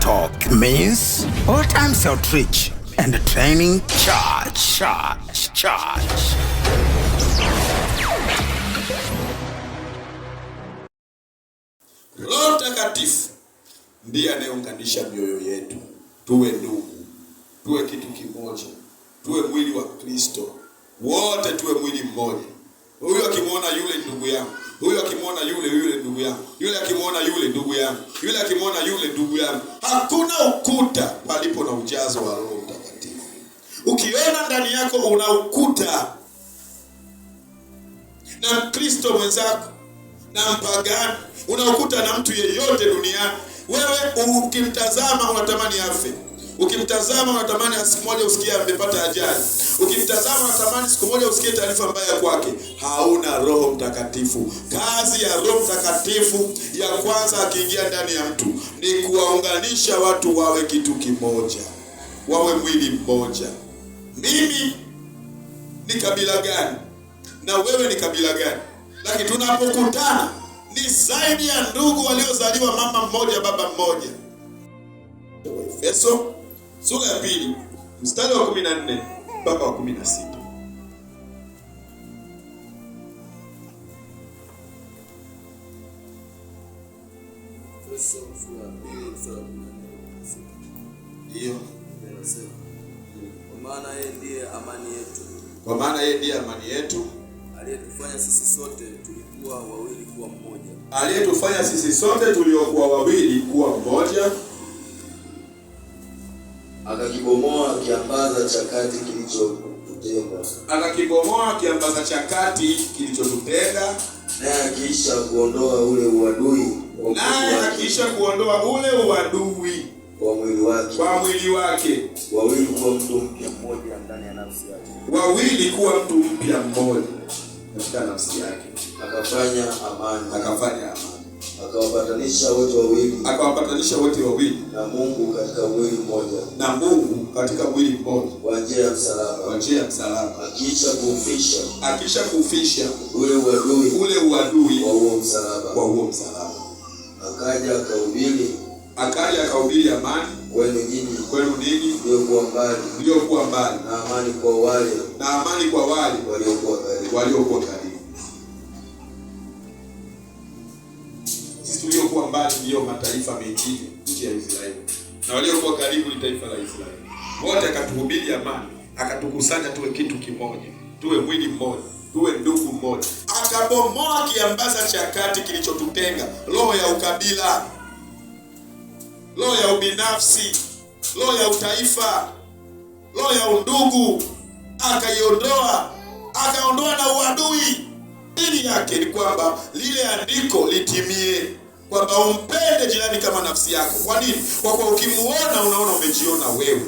talk means all times outreach and training charge, charge, charge. Roho Mtakatifu ndiye anayeunganisha mioyo yetu, tuwe ndugu, tuwe kitu kimoja, tuwe mwili wa Kristo, wote tuwe mwili mmoja. Huyu akimwona yule ndugu yangu huyo akimwona yule yule ndugu yangu, yule akimwona yule ndugu yangu, yule akimwona yule ndugu yangu. Hakuna ukuta palipo na ujazo wa Roho Mtakatifu. Ukiona ndani yako una ukuta na Mkristo mwenzako na mpagani, una ukuta na mtu yeyote duniani, wewe ukimtazama unatamani afe. Ukimtazama unatamani siku moja usikie amepata ajali, ukimtazama unatamani siku moja usikie taarifa mbaya kwake. Hauna Roho Mtakatifu. Kazi ya Roho Mtakatifu ya kwanza akiingia ndani ya mtu ni kuwaunganisha watu wawe kitu kimoja, wawe mwili mmoja. Mimi ni kabila gani na wewe ni kabila gani, lakini tunapokutana ni zaidi ya ndugu waliozaliwa mama mmoja baba mmoja. Efeso sura ya pili mstari wa 14 mpaka wa 16. Kwa maana ndiye amani yetu. Kwa maana yeye ndiye amani yetu. Aliyetufanya sisi sote tuliokuwa wawili kuwa mmoja. Aliyetufanya sisi sote tuliokuwa wawili kuwa mmoja akakibomoa kiambaza cha kati kilichotutenga, akakibomoa kiambaza cha kati kilichotutenga, naye akiisha kuondoa ule uadui, naye akiisha kuondoa ule uadui kwa mwili wake, kwa mwili wake, wawili kuwa mtu mpya mmoja ndani ya nafsi yake, wawili kuwa mtu mpya mmoja katika nafsi yake, akafanya amani, akafanya amani akawapatanisha wote wawili, akawapatanisha wote wawili na Mungu katika mwili mmoja, na Mungu katika mwili mmoja kwa njia ya msalaba, kwa njia ya msalaba, akisha kuufisha, akisha ule uadui, ule uadui kwa huo msalaba, kwa huo msalaba. Akaja akahubiri, akaja akahubiri amani kwenu nini kwenu mbali, mbali, na amani kwa wale, na amani kwa wale waliokuwa karibu, waliokuwa karibu. mbali ndiyo mataifa mengine nchi ya Israeli, na waliokuwa karibu ni taifa la Israeli. Wote akatuhubiri amani, akatukusanya tuwe kitu kimoja, tuwe mwili mmoja, tuwe ndugu mmoja. Akabomoa kiambaza cha kati kilichotutenga, roho ya ukabila, roho ya ubinafsi, roho ya utaifa, roho ya undugu, akaiondoa, akaondoa na uadui. Dini yake ni kwamba lile andiko litimie kwamba umpende jirani kama nafsi yako. Kwa nini? Kwa kuwa ukimuona unaona umejiona wewe,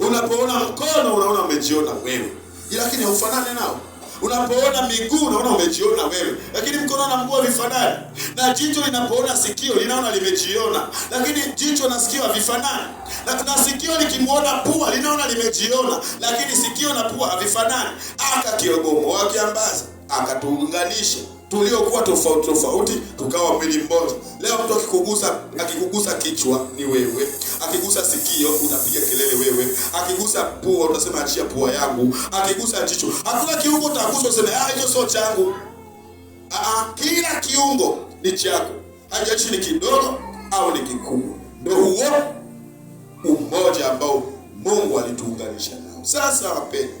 unapoona mkono unaona umejiona wewe, lakini haufanani nao unapoona miguu unaona umejiona wewe, lakini mkono na mguu havifanani. Na jicho linapoona sikio linaona limejiona, lakini jicho na sikio havifanani. Na, kuna sikio likimuona pua linaona limejiona, lakini sikio na pua havifanani. Akakirogomoa kiambaza, akatuunganisha tuliokuwa tofauti tofauti tukawa mwili mmoja. Leo mtu akikugusa, akikugusa kichwa ni wewe, akigusa sikio unapiga kelele wewe, akigusa pua unasema achia pua yangu, akigusa jicho. Hakuna kiungo utaguswa useme ah, hicho sio changu. Ah, ah kila kiungo ni chako, hajaishi ni kidogo au ni kikubwa. Ndio huo umoja ambao Mungu alituunganisha nao. Sasa wapendwa,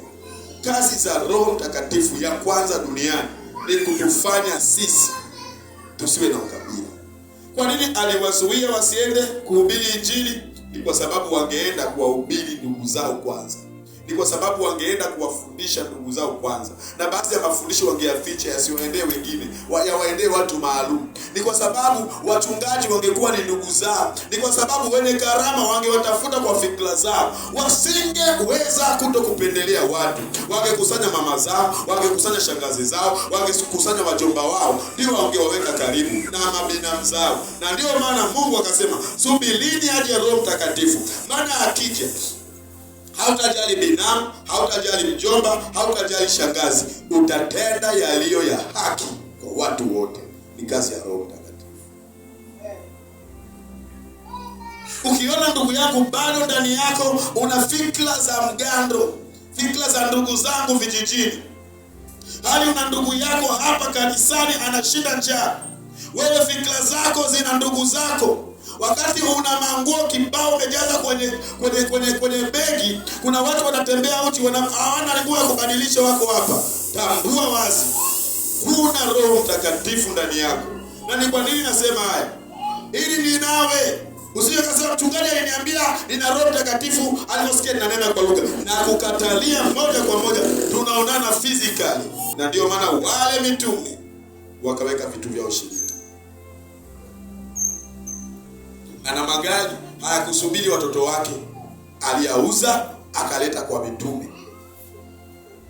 kazi za Roho Mtakatifu ya kwanza duniani ili kutufanya sisi tusiwe na ukabila. Kwa nini aliwazuia wasiende kuhubiri Injili? Ni kwa sababu wangeenda kuwahubiri ndugu zao kwanza ni kwa sababu wangeenda kuwafundisha ndugu zao kwanza, na baadhi ya mafundisho wangeyaficha yasiwaendee wengine, yawaendee watu maalum. Ni kwa sababu wachungaji wangekuwa ni ndugu zao, ni kwa sababu wenye karama wangewatafuta kwa fikra zao, wasingeweza kuto kupendelea watu. Wangekusanya mama zao, wangekusanya shangazi zao, wangekusanya wajomba wao, ndio wangewaweka karibu na mabinamu zao, na ndiyo maana Mungu akasema, subirini aje Roho Mtakatifu, maana akija hautajali binamu, hautajali mjomba, hautajali shangazi, utatenda yaliyo ya haki kwa watu wote. Ni kazi ya Roho Mtakatifu. Ukiona ndugu yako bado ndani yako una fikra za mgando, fikra za ndugu zangu vijijini, hali una ndugu yako hapa kanisani anashinda njaa, wewe fikra zako zina ndugu zako Wakati una manguo kibao umejaza kwenye kwenye kwenye kwenye begi, kuna watu wanatembea uchi, hawana nguo ya kubadilisha, wako hapa. Tambua wazi kuna Roho Mtakatifu ndani yako. Na ni kwa nini nasema haya? Ili ninawe Usije kasema mchungaji aliniambia nina Roho Mtakatifu aliosikia ninanena kwa lugha. Na kukatalia moja kwa moja tunaonana physically. Na ndio maana wale mitume wakaweka vitu vya ushirika. ana magari, hayakusubiri watoto wake, aliyauza akaleta kwa mitume.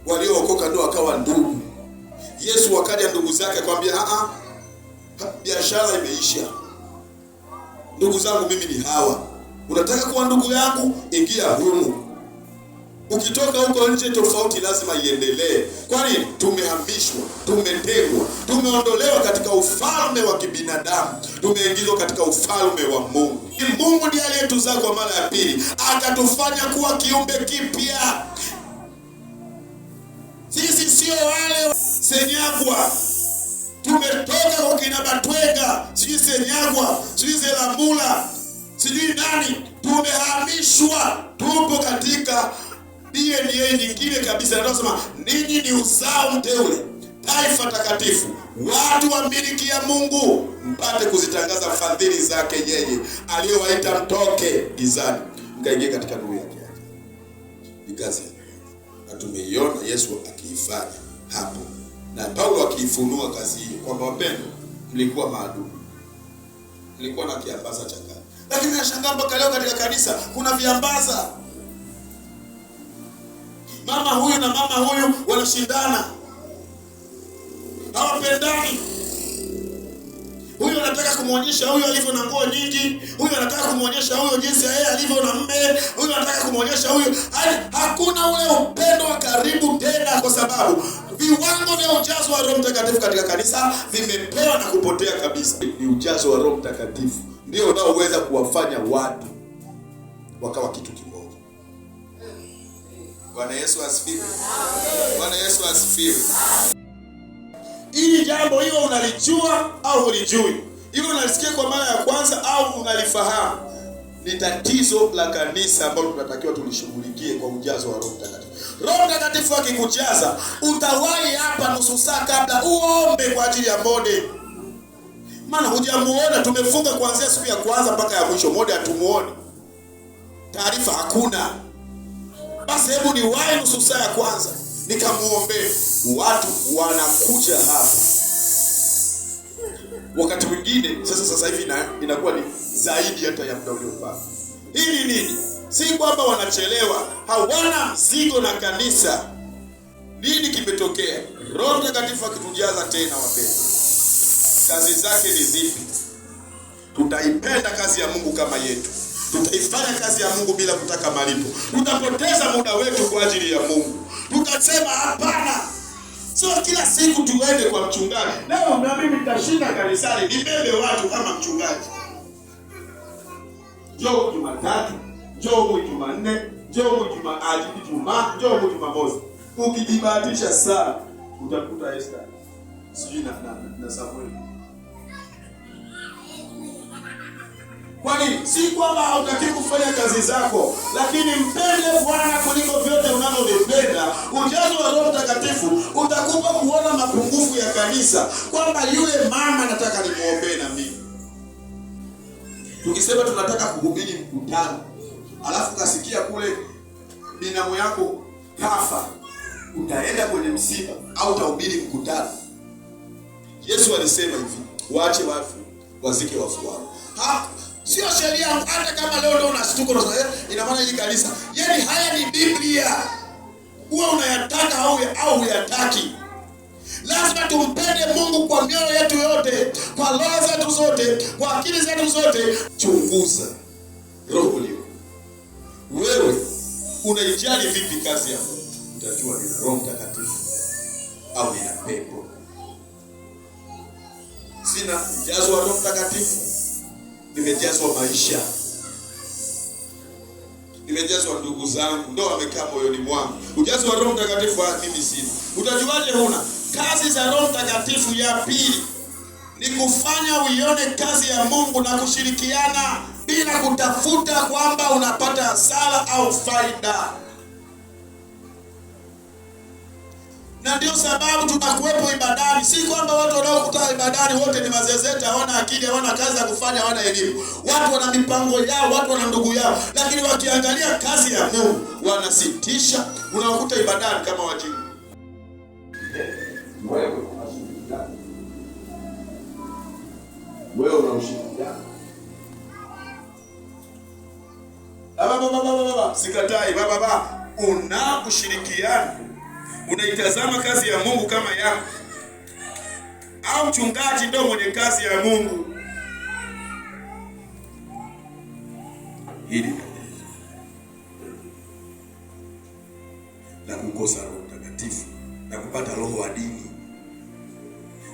Waliookoka ndio wakawa ndugu. Yesu wakaja ndugu zake akamwambia, ah, ah, a biashara imeisha, ndugu zangu mimi ni hawa, unataka kuwa ndugu yangu? Ingia humu Ukitoka huko nje, tofauti lazima iendelee. Kwani tumehamishwa, tumetengwa, tumeondolewa katika ufalme wa kibinadamu, tumeingizwa katika ufalme wa Mungu. Mungu ndiye aliyetuzaa kwa mara ya pili, akatufanya kuwa kiumbe kipya. Sisi sio wale senyagwa tumetoka kwa kina Batwega, sijui Senyagwa, sijui Zelamula, sijui nani. Tumehamishwa, tupo katika DNA nyingine kabisa. Ndio nasema ninyi ni uzao mteule, taifa takatifu, watu wa miliki ya Mungu, mpate kuzitangaza fadhili zake yeye aliyowaita mtoke gizani mkaingia katika nuru yake. Ni kazi na tumeiona Yesu akiifanya hapo na Paulo akiifunua kazi hiyo, kwamba wapendwa, mlikuwa maadui, mlikuwa na kiambaza cha kale, lakini nashangaa mpaka leo katika kanisa kuna viambaza Mama huyu na mama huyu wanashindana, hawapendani. Huyu anataka kumwonyesha huyu alivyo na nguo nyingi, huyu anataka kumwonyesha huyu jinsi yeye alivyo na mume, huyu anataka kumwonyesha huyu. Yaani, hakuna ule upendo wa karibu tena, kwa sababu viwango vya ujazo wa Roho Mtakatifu katika kanisa vimepewa na kupotea kabisa. Ni ujazo wa Roho Mtakatifu ndio unaoweza kuwafanya watu wakawa kitu kimoja. Bwana Yesu asifiwe. Bwana Yesu asifiwe. Hili jambo hiyo unalijua au ulijui, hiyo unalisikia kwa mara ya kwanza au unalifahamu, ni tatizo la kanisa ambalo tunatakiwa tulishughulikie kwa ujazo wa Roho Mtakatifu. Roho Mtakatifu akikujaza, utawahi hapa nusu saa kabla uombe kwa ajili ya Mode, maana hujamuona. Tumefunga kuanzia siku ya kwanza mpaka ya mwisho, Mode hatumuoni, taarifa hakuna basi hebu ni wae nusu saa ya kwanza nikamwombee. Watu wanakuja hapa wakati mwingine. Sasa sasa hivi inakuwa ni zaidi hata ya muda uliopaa. hili nini? Si kwamba wanachelewa, hawana mzigo na kanisa. Nini kimetokea? Roho Mtakatifu akitujaza tena, wapenzi kazi zake ni zipi? Tutaipenda kazi ya Mungu kama yetu? tutaifanya kazi ya Mungu bila kutaka malipo. Tutapoteza muda wetu kwa ajili ya Mungu. Tutasema hapana, sio kila siku tuende kwa mchungaji. Leo na mimi nitashinda kanisani nibebe watu kama mchungaji, njoo Jumatatu, njoo Jumanne, njoo Ijumaa, njoo Jumamosi. Ukijibahatisha sana utakuta Esther. sijui na Samweli Kwa Si kwamba hautaki kufanya kazi zako, lakini mpende Bwana kuliko vyote unavyovipenda. Ujazo wa Roho Mtakatifu utakupa kuona mapungufu ya kanisa, kwamba yule mama nataka nimwombee na mimi. Tukisema tunataka kuhubiri mkutano, alafu kasikia kule binamu yako kafa, utaenda kwenye msiba au utahubiri mkutano? Yesu alisema hivi, waache wafu wazike wafu wao sio sheria yangu. Hata kama leo ndio unashtuka unasema eh, ina maana hii kanisa, yaani haya ni Biblia. Uwe unayataka au au huyataki, lazima tumpende Mungu kwa mioyo yetu yote, kwa roho zetu zote, kwa akili zetu zote. Chunguza roho ulio wewe, unaijali vipi kazi yako? Utajua ni Roho Mtakatifu au nina pepo. Sina mjazo wa Roho Mtakatifu nimejazwa maisha, nimejazwa ndugu zangu, ndo wamekaa moyoni mwangu. Ujazo wa Roho Mtakatifu ah, mimi sina. Utajuaje huna? Kazi za Roho Mtakatifu ya pili ni kufanya uione kazi ya Mungu na kushirikiana bila kutafuta kwamba unapata hasara au faida. na ndio sababu tunakuwepo ibadani. Si kwamba watu wanaokuta ibadani wote ni mazezeta, hawana akili, hawana kazi ya kufanya, hawana elimu. Watu wana mipango yao, watu wana ndugu yao, lakini wakiangalia kazi ya Mungu wanasitisha. Unawakuta ibadani kama wajibu wewe unamshirikiana baba baba baba, sikatai baba baba, una ushirikiano unaitazama kazi ya Mungu kama yako, au mchungaji ndio mwenye kazi ya Mungu? Hili la kukosa Roho Mtakatifu na kupata roho wa dini.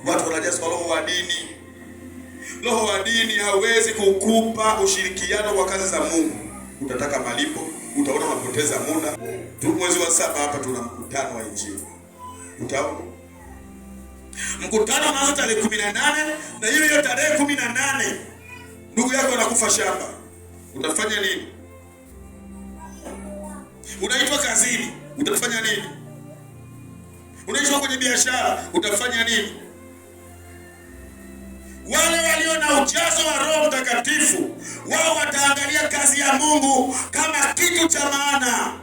Watu wanajazwa roho wa dini. Roho wa dini hawezi kukupa ushirikiano kwa kazi za Mungu. Utataka malipo utaona unapoteza muda tu. Mwezi wa saba hapa tuna mkutano wa Injili, utaona mkutano unaanza tarehe kumi na nane na hiyo hiyo tarehe kumi na nane ndugu yako anakufa shamba, utafanya nini? Unaitwa kazini, utafanya nini? Unaitwa kwenye biashara, utafanya nini? wale na ujazo wa Roho Mtakatifu, wao wataangalia kazi ya Mungu kama kitu cha maana,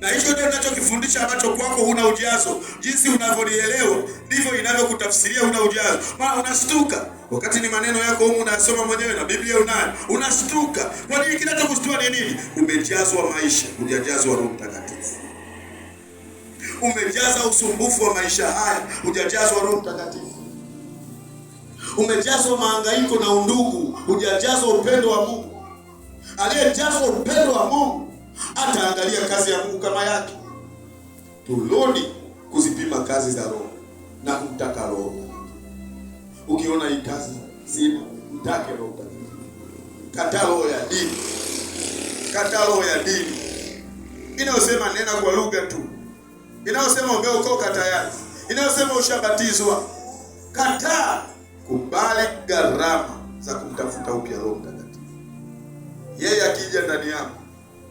na hicho ndio ninachokifundisha ambacho kwako una ujazo. Jinsi unavyonielewa ndivyo inavyokutafsiria una ujazo, maana unastuka wakati ni maneno yako huko unasoma mwenyewe na Biblia unayo, unastuka Kwa nini? kinachokustua ni nini? Umejazwa maisha, hujajazwa Roho Mtakatifu. Umejaza usumbufu wa maisha haya, hujajazwa Roho Mtakatifu. Umejazwa maangaiko na undugu, hujajazwa upendo wa Mungu. Aliyejazwa upendo wa Mungu ataangalia kazi ya Mungu kama yake. Turudi kuzipima kazi za Roho na kumtaka Roho. Ukiona hii kazi zima, mtake Roho. Kataa roho ya dini, kata roho ya dini inayosema nena kwa lugha tu, inayosema umeokoka tayari, inayosema ushabatizwa. Kataa. Kubali gharama za kumtafuta upya Roho Mtakatifu. Yeye akija ndani yako,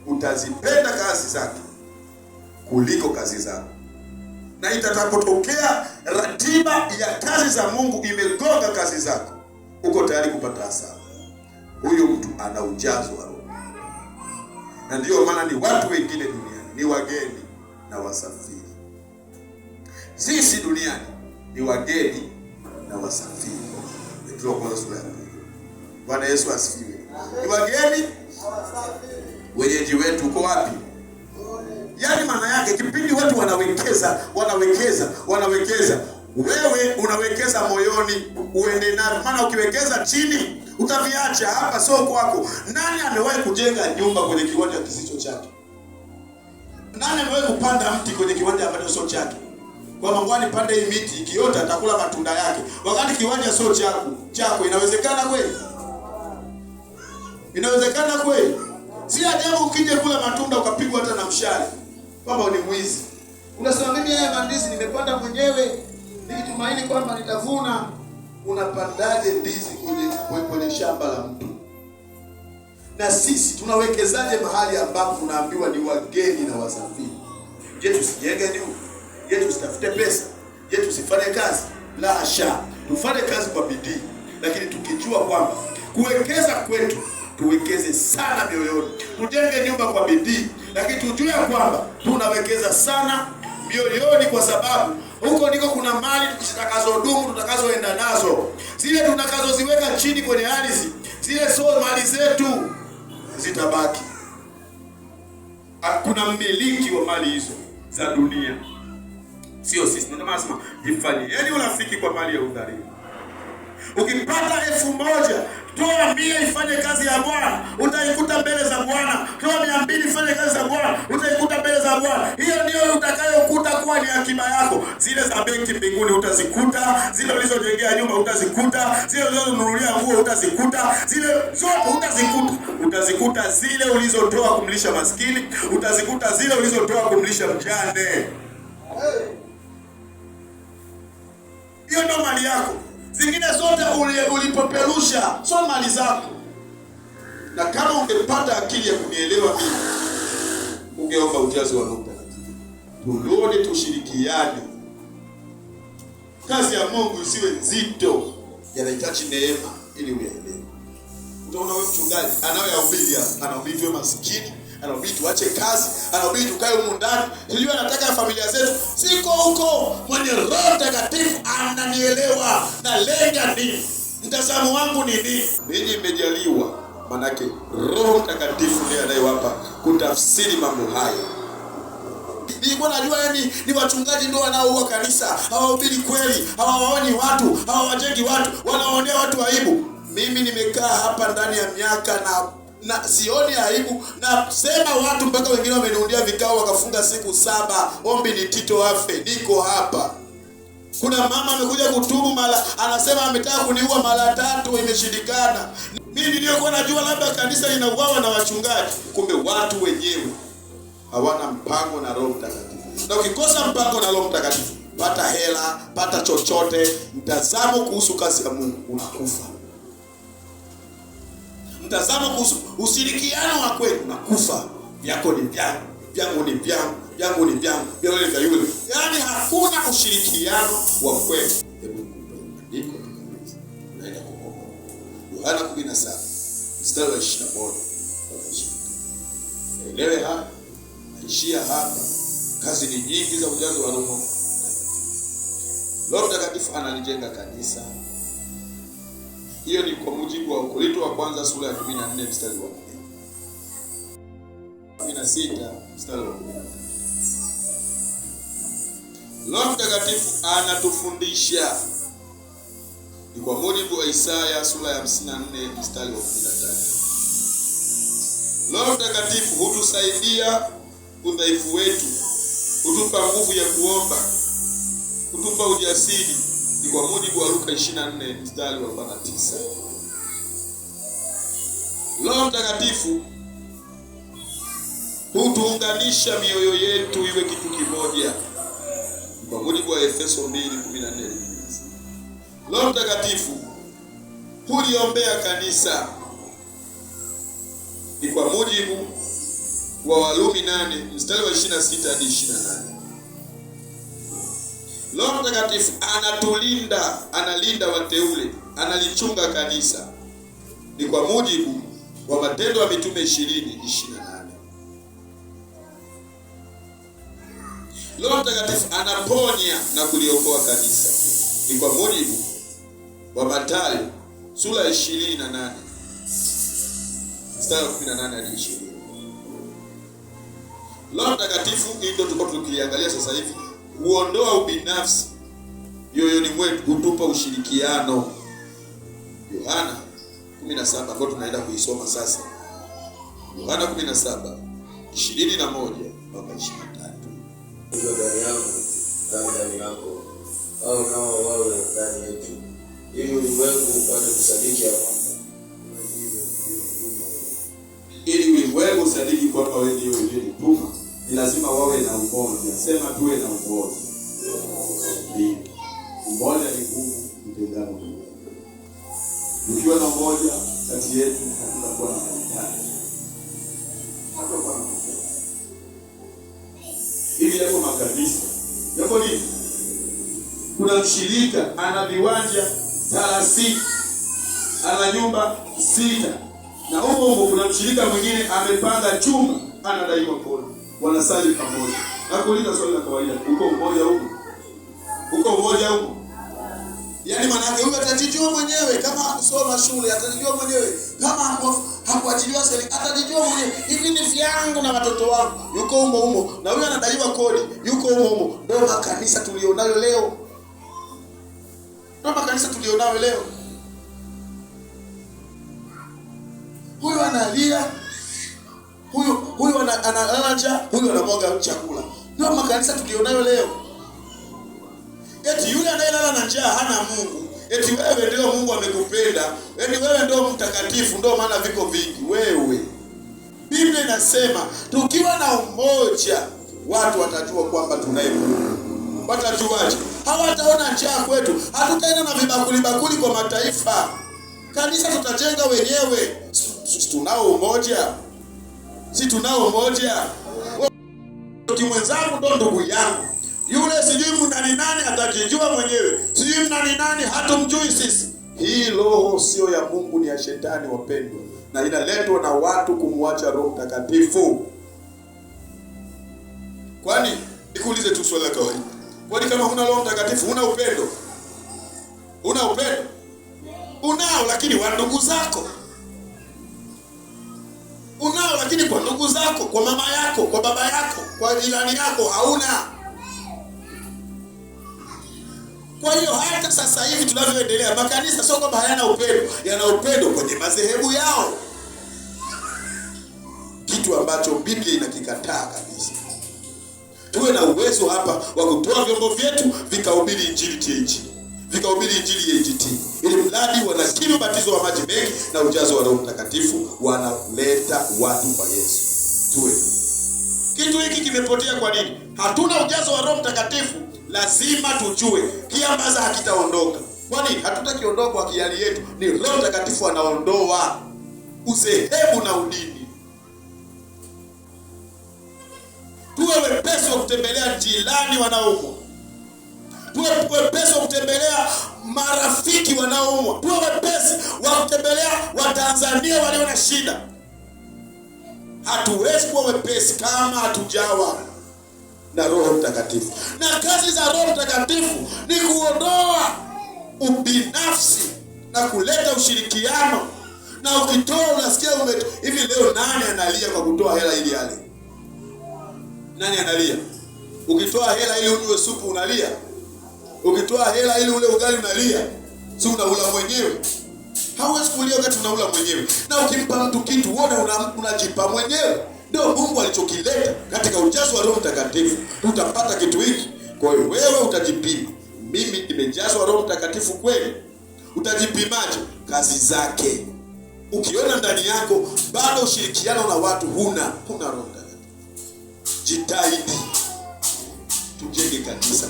utazipenda kazi zake kuliko kazi zako, na itakapotokea ratiba ya kazi za Mungu imegonga kazi zako, uko tayari kupata hasara. Huyu mtu ana ujazo wa Roho, na ndiyo maana ni watu wengine duniani ni wageni na wasafiri. Sisi duniani ni wageni na wasafiri tunakuanza Bwana Yesu asifiwe. Ni wageni wenyeji wetu, uko wapi? Yaani maana yake kipindi watu wanawekeza, wanawekeza, wanawekeza, wewe unawekeza moyoni, uende navyo, maana ukiwekeza chini utaviacha. Hapa sio kwako. Nani amewahi kujenga nyumba kwenye kiwanja kisicho chake? Nani amewahi kupanda mti kwenye kiwanja ambacho sio chake? kwa mangwani pande hii miti, ikiota atakula matunda yake, wakati kiwanja sio chako. Chako inawezekana kweli? Inawezekana kweli? Si ajabu ukija kula matunda ukapigwa hata na mshale kwamba ni mwizi. Unasema mimi haya mandizi nimepanda mwenyewe nikitumaini kwamba nitavuna. Unapandaje ndizi kwenye kwenye shamba la mtu? Na sisi tunawekezaje mahali ambapo tunaambiwa ni wageni na wasafiri? Je, tusijenge juu? yetu tusitafute pesa? yetu tusifanye kazi? La hasha, tufanye kazi kwa bidii, lakini tukijua kwamba kuwekeza kwetu tuwekeze sana mioyoni, tujenge nyumba kwa bidii, lakini tujue kwamba tunawekeza sana mioyoni, kwa sababu huko ndiko kuna mali zitakazodumu, tutakazoenda nazo, zile tunakazoziweka chini kwenye ardhi, zile so mali zetu zitabaki. Ah, kuna mmiliki wa mali hizo za dunia sio sisi. Ndio maana nasema yaani urafiki kwa mali ya udhalimu. Ukipata elfu moja toa mia ifanye kazi ya Bwana, utaikuta mbele za Bwana. Toa mia mbili ifanye kazi za Bwana, utaikuta mbele za Bwana. Hiyo ndio utakayokuta kuwa ni akiba yako. Zile za benki mbinguni utazikuta, zile ulizojengea nyumba utazikuta, zile ulizonunulia nguo utazikuta, zile zote utazikuta. Utazikuta zile ulizotoa kumlisha maskini, utazikuta zile ulizotoa kumlisha mjane hiyo ndio mali yako. Zingine zote ulipoperusha sio mali zako, na kama ungepata akili ya kunielewa mimi, ungeomba ujazi wa Roho Mtakatifu. Turudi tushirikiane, kazi ya Mungu isiwe nzito, yanahitaji neema ili uyaelewe. Utaona wewe mchungaji anayoyahubiri hapa, anahubiri maskini anahubiri tuache kazi, anahubiri tukae humu ndani, sijui anataka familia zetu. Siko huko, mwenye Roho Mtakatifu ananielewa na lenga ni mtazamo wangu ni nini. Ninyi mmejaliwa, manake Roho Mtakatifu ndiye anayewapa kutafsiri mambo haya. Nilikuwa najua yani ni wachungaji ndio wanaoua kanisa, hawahubiri kweli, hawawaoni watu, hawawajengi watu, wanaonea watu aibu. Mimi nimekaa hapa ndani ya miaka na na sioni aibu, na sema watu mpaka wengine wameniundia vikao wakafunga siku saba, ombi ni Tito afe, niko hapa. Kuna mama amekuja kutubu mara, anasema ametaka kuniua mara tatu, imeshindikana. Mimi niliyokuwa najua labda kanisa linauawa na wachungaji, kumbe watu wenyewe hawana mpango na Roho Mtakatifu. Na ukikosa mpango na Roho Mtakatifu, pata hela, pata chochote, mtazamo kuhusu kazi ya Mungu unakufa mtazamo kuhusu ushirikiano wa kweli unakufa. Vyako ni vyangu, vyangu ni vyangu, vyangu ni vyangu, vya vya yule, yaani hakuna ushirikiano wa kweli. Hebu andiko naenda kuokoka, Yohana 17 mstari wa 21. Elewe hapa, naishia hapa. Kazi ni nyingi za ujazo wa Roho Mtakatifu. Roho Mtakatifu analijenga kanisa. Hiyo ni kwa mujibu wa Ukorinto wa kwanza sura ya 14 mstari wa 16 mstari wa 13. Roho Mtakatifu anatufundisha ni kwa mujibu wa Isaya sura ya 54 mstari wa 13. Roho Mtakatifu hutusaidia udhaifu wetu, hutupa nguvu ya kuomba, hutupa ujasiri ni kwa mujibu wa Luka 24 mstari wa 49. Roho Mtakatifu hutuunganisha mioyo yetu iwe kitu kimoja, kwa mujibu wa Efeso 2:14. Roho Mtakatifu huliombea kanisa, ni kwa mujibu wa Warumi 8 mstari wa 26 hadi 28. Roho Mtakatifu anatulinda, analinda wateule, analichunga kanisa. Ni kwa mujibu wa Matendo ya Mitume 20:28. Roho Mtakatifu anaponya na kuliokoa kanisa. Ni kwa mujibu wa Mathayo sura ya 28 mstari wa 18 hadi 20. Roho Mtakatifu ndio tulikuwa tukiangalia sasa hivi huondoa ubinafsi mioyoni mwetu, hutupa ushirikiano. Yohana 17 ambayo tunaenda kuisoma sasa, Yohana 17 21 mpaka 23 na tatu yangu nami yako, au nao wawe ndani yetu, ili ulimwengu upate kusadiki ya kwamba, ili ulimwengu usadiki kwamba wewe ndiye uliyenituma ni lazima wawe na umoja. Sema tuwe na umoja. Umoja ni nguvu, mtendao. Ukiwa na umoja kati yetu, hatutakuwa na mahitaji, hatutakuwa na Hivi yako makanisa yako nini? Kuna mshirika ana viwanja thelathini, ana nyumba sita, na huko huko kuna mshirika mwingine amepanga chuma, anadaiwa kodi wanasali pamoja. Nakuuliza swali la kawaida, uko mmoja huko? Uko mmoja huko? Yaani maana yake huyo atajijua mwenyewe kama hakusoma shule, atajijua mwenyewe kama hakuajiliwa serikali, atajijua mwenyewe. Hivi ni vyangu na watoto wangu. Yuko humo humo. Na huyo anadaiwa kodi, yuko humo humo. Ndio makanisa tulionayo leo. Ndio makanisa tulionayo leo. Huyo analia huyu huyu analaja, huyu anamwaga chakula. Ndio makanisa tulionayo leo, eti yule anayelala na njaa hana Mungu, eti wewe ndio Mungu amekupenda, eti wewe ndio mtakatifu, ndio maana viko vingi. Wewe, Biblia inasema tukiwa na umoja watu watajua kwamba tunaye Mungu. Watajuaje? Hawataona njaa kwetu, hatutaenda na vibakuli bakuli kwa mataifa. Kanisa tutajenga wenyewe, tunao umoja si tunao moja mwenzangu, ndo ndugu yangu yule, sijui mnani nani, atakijua mwenyewe, sijui mnani nani, hatumjui sisi. Hii roho sio ya Mungu, ni ya shetani, wapendwa, na inaletwa na watu kumwacha Roho Mtakatifu. Kwani nikuulize tu swali la kawaida, kwani kama huna Roho Mtakatifu huna upendo? Una upendo? Unao, lakini wa ndugu zako unao, lakini kwa ndugu zako, kwa mama yako, kwa baba yako, kwa jirani yako hauna. Kwa hiyo hata sasa hivi tunavyoendelea, makanisa sio kwamba hayana upendo, yana upendo kwenye madhehebu yao, kitu ambacho Biblia inakikataa kabisa. Tuwe na uwezo hapa wa kutoa vyombo vyetu vikahubiri injili TAG, vikahubiri injili AGT ili mradi wanashiriki ubatizo wa maji mengi na ujazo wa Roho Mtakatifu, wanaleta watu kwa Yesu. Tuwe kitu hiki kimepotea. Kwa nini? Hatuna ujazo wa Roho Mtakatifu. Lazima tujue kiambaza hakitaondoka. Kwa nini? Hatutakiondoa kwa kiali yetu, ni Roho Mtakatifu anaondoa uzehebu na udini. Tuwe wepesi wa kutembelea jirani wanaoumwa tuwe wepesi wa kutembelea marafiki wanaoumwa, tuwe wepesi wa kutembelea watanzania walio na shida. Hatuwezi kuwa wepesi kama hatujawa na Roho Mtakatifu, na kazi za Roho Mtakatifu ni kuondoa ubinafsi na kuleta ushirikiano. Na ukitoa unasikia ume hivi. Leo nani analia kwa kutoa hela ili ale? Nani analia? Ukitoa hela ili unywe supu unalia? Ukitoa hela ili ule ugali unalia, si unaula mwenyewe? Hawezi kulia wakati unaula mwenyewe, na ukimpa mtu kitu wewe unajipa una mwenyewe. Ndio Mungu alichokileta katika ujazo wa Roho Mtakatifu, utapata kitu hiki. Kwa hiyo wewe utajipima, mimi nimejazwa Roho Mtakatifu kweli? Utajipimaje? Kazi zake. Ukiona ndani yako bado ushirikiano na watu huna, huna Roho Mtakatifu, jitahidi tujenge kanisa.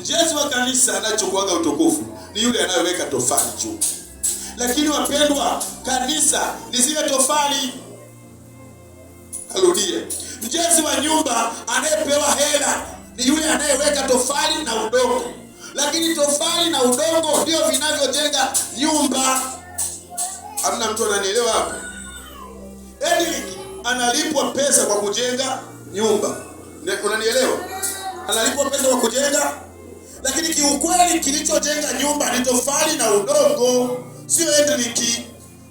Njia wa kanisa anachokuaga utukufu ni yule anayeweka tofali juu. Lakini wapendwa, kanisa ni zile tofali. Arudie, mjezi wa nyumba anayepewa hela ni yule anayeweka tofali na udongo, lakini tofali na udongo ndio vinavyojenga nyumba. Hamna mtu ananielewa hapo? Edrick analipwa pesa kwa kujenga nyumba, unanielewa? Analipwa pesa kwa kujenga lakini kiukweli kilichojenga nyumba ni tofali na udongo, sio Hendriki.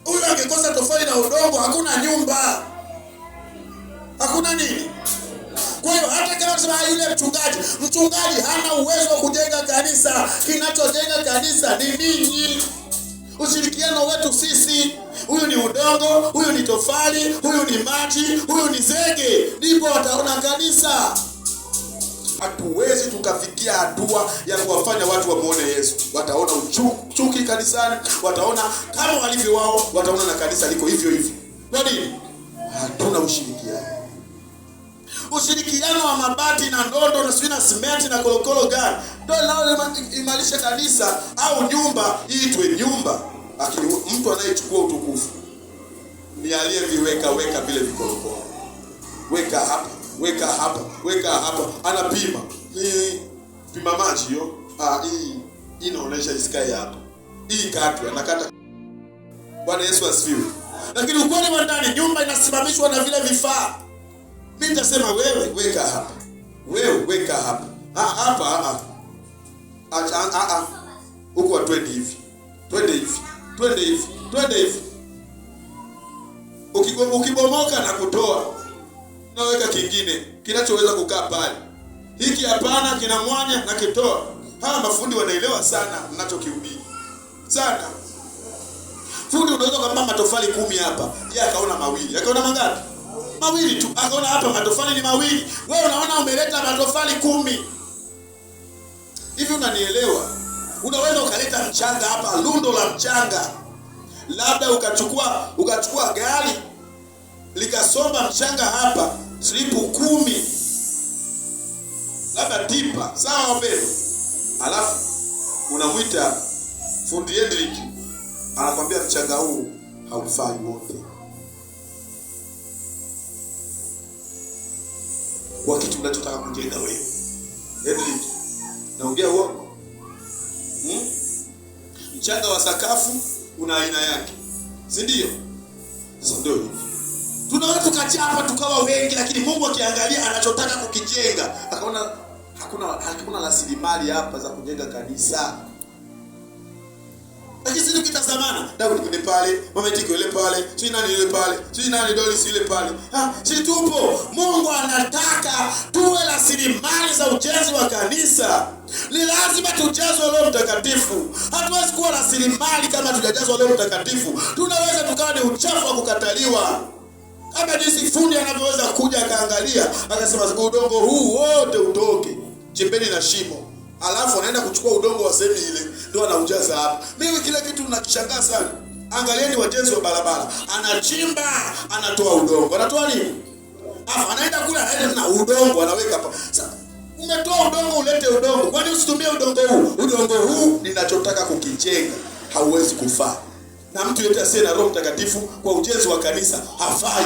Huyu angekosa tofali na udongo, hakuna nyumba, hakuna nini. Kwa hiyo hata kama sema yule mchungaji, mchungaji hana uwezo wa kujenga kanisa. Kinachojenga kanisa ni ninyi, ushirikiano wetu sisi. Huyu ni udongo, huyu ni tofali, huyu ni maji, huyu ni zege, ndipo wataona kanisa hatuwezi tukafikia hatua ya kuwafanya watu wamwone Yesu. Wataona uchuki kanisani, wataona kama walivyo wao, wataona na kanisa liko hivyo hivyo. Kwa nini? Hatuna ushirikiano. Ushirikiano wa mabati na ndondo na sijui na simenti na kolokolo gani ndio linaloimarisha kanisa au nyumba iitwe nyumba, lakini mtu anayechukua utukufu ni aliyeviweka weka vile vikolokolo, weka hapa weka hapa, weka hapa, anapima hii pima maji hiyo. Ah, hii inaonyesha isikae hapa, hii katwe, anakata. Bwana Yesu asifiwe. Lakini ukweli wa ndani, nyumba inasimamishwa na vile vifaa. Mimi nitasema wewe weka hapa, wewe weka hapa, ah, hapa hapa, ah ah, huko twende hivi, twende hivi, twende hivi, twende hivi, ukibomoka na kutoa naweka kingine kinachoweza kukaa pale. Hiki hapana, kina na kitoa. Hawa mafundi wanaelewa sana mnachokihubiri sana. Fundi unaweza kama matofali kumi hapa, yeye akaona mawili, akaona mangapi? Mawili tu, akaona hapa matofali ni mawili. Wewe unaona umeleta matofali kumi hivi, unanielewa? Unaweza ukaleta mchanga hapa, lundo la mchanga, labda ukachukua ukachukua gari likasomba mchanga hapa slipu kumi labda tipa sawa wapendo, alafu unamwita fundi Hendrik anakwambia mchanga huu haufai wote. Kwa kitu unachotaka kujenga wewe Hendrik, naongea uongo hmm? Mchanga wa sakafu una aina yake, si ndio? Sasa ndio hivi Tunaweza tukaja hapa tukawa wengi, lakini Mungu akiangalia anachotaka kukijenga akaona hakuna hakuna rasilimali hapa za kujenga kanisa. Lakini sisi tukitazamana, Daudi yule pale, Mametiki yule pale, sisi nani yule pale, sisi nani Doris yule pale. Ah, sisi tupo. Mungu anataka tuwe rasilimali za ujenzi wa kanisa. Ni lazima tujazwe Roho Mtakatifu. Hatuwezi kuwa rasilimali kama tujajazwa Roho Mtakatifu. Tunaweza tukawa ni uchafu wa kukataliwa. Hata jinsi fundi anavyoweza kuja akaangalia akasema udongo huu wote utoke, chembeni na shimo, alafu anaenda kuchukua udongo wa sehemu ile ndio anaujaza hapa. Mimi kile kitu nakishangaa sana. Angalieni wajenzi wa barabara, anachimba anatoa udongo, anatoa nini? Afu anaenda kule anaenda na udongo anaweka hapa. umetoa udongo, ulete udongo, kwani usitumie udongo huu? Udongo huu ninachotaka kukijenga hauwezi kufaa, na mtu yeyote asiye na Roho Mtakatifu kwa ujenzi wa kanisa hafai.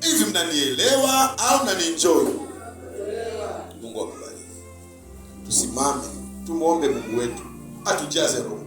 Hivi mnanielewa au mnanienjoy? Mungu akubariki. Tusimame, tumwombe Mungu wetu atujaze roho